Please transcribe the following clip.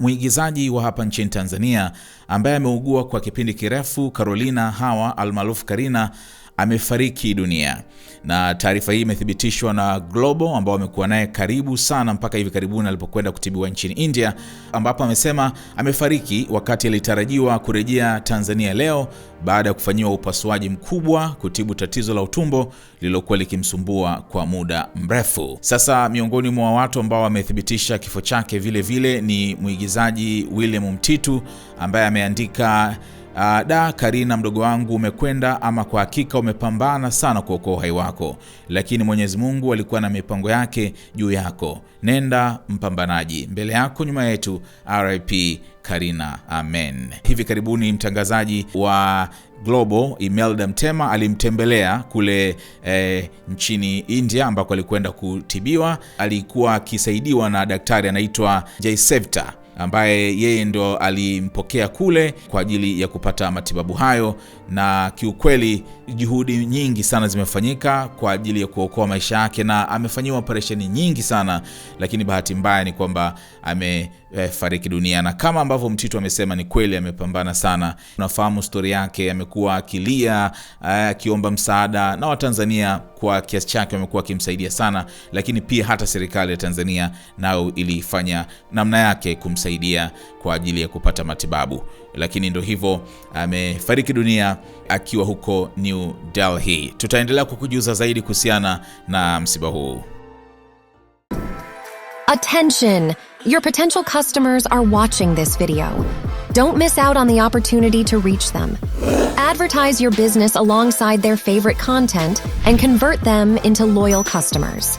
Mwigizaji wa hapa nchini Tanzania ambaye ameugua kwa kipindi kirefu Carolina Hawa almaarufu Karina amefariki dunia, na taarifa hii imethibitishwa na globo ambao amekuwa naye karibu sana mpaka hivi karibuni alipokwenda kutibiwa nchini India, ambapo amesema amefariki wakati alitarajiwa kurejea Tanzania leo baada ya kufanyiwa upasuaji mkubwa kutibu tatizo la utumbo lililokuwa likimsumbua kwa muda mrefu. Sasa miongoni mwa watu ambao wamethibitisha kifo chake vile vile ni mwigizaji William Mtitu ambaye ameandika Uh, da Karina, mdogo wangu, umekwenda ama kwa hakika umepambana sana kuokoa uhai wako, lakini Mwenyezi Mungu alikuwa na mipango yake juu yako. Nenda mpambanaji, mbele yako nyuma yetu. RIP Karina, amen. Hivi karibuni mtangazaji wa Global Imelda Mtema alimtembelea kule e, nchini India ambako alikwenda kutibiwa. Alikuwa akisaidiwa na daktari anaitwa Jaisevta ambaye yeye ndo alimpokea kule kwa ajili ya kupata matibabu hayo, na kiukweli juhudi nyingi sana zimefanyika kwa ajili ya kuokoa maisha yake, na amefanyiwa operesheni nyingi sana, lakini bahati mbaya ni kwamba amefariki e, dunia. Na kama ambavyo Mtito amesema, ni kweli amepambana sana. Unafahamu stori yake, amekuwa akilia eh, akiomba msaada, na Watanzania kwa kiasi chake wamekuwa akimsaidia sana, lakini pia hata serikali ya Tanzania nayo ilifanya namna yake kumsaidia kumsaidia kwa ajili ya kupata matibabu, lakini ndo hivyo, amefariki dunia akiwa huko New Delhi. Tutaendelea kukujuza zaidi kuhusiana na msiba huu. Attention, your potential customers are watching this video. Don't miss out on the opportunity to reach them. Advertise your business alongside their favorite content and convert them into loyal customers.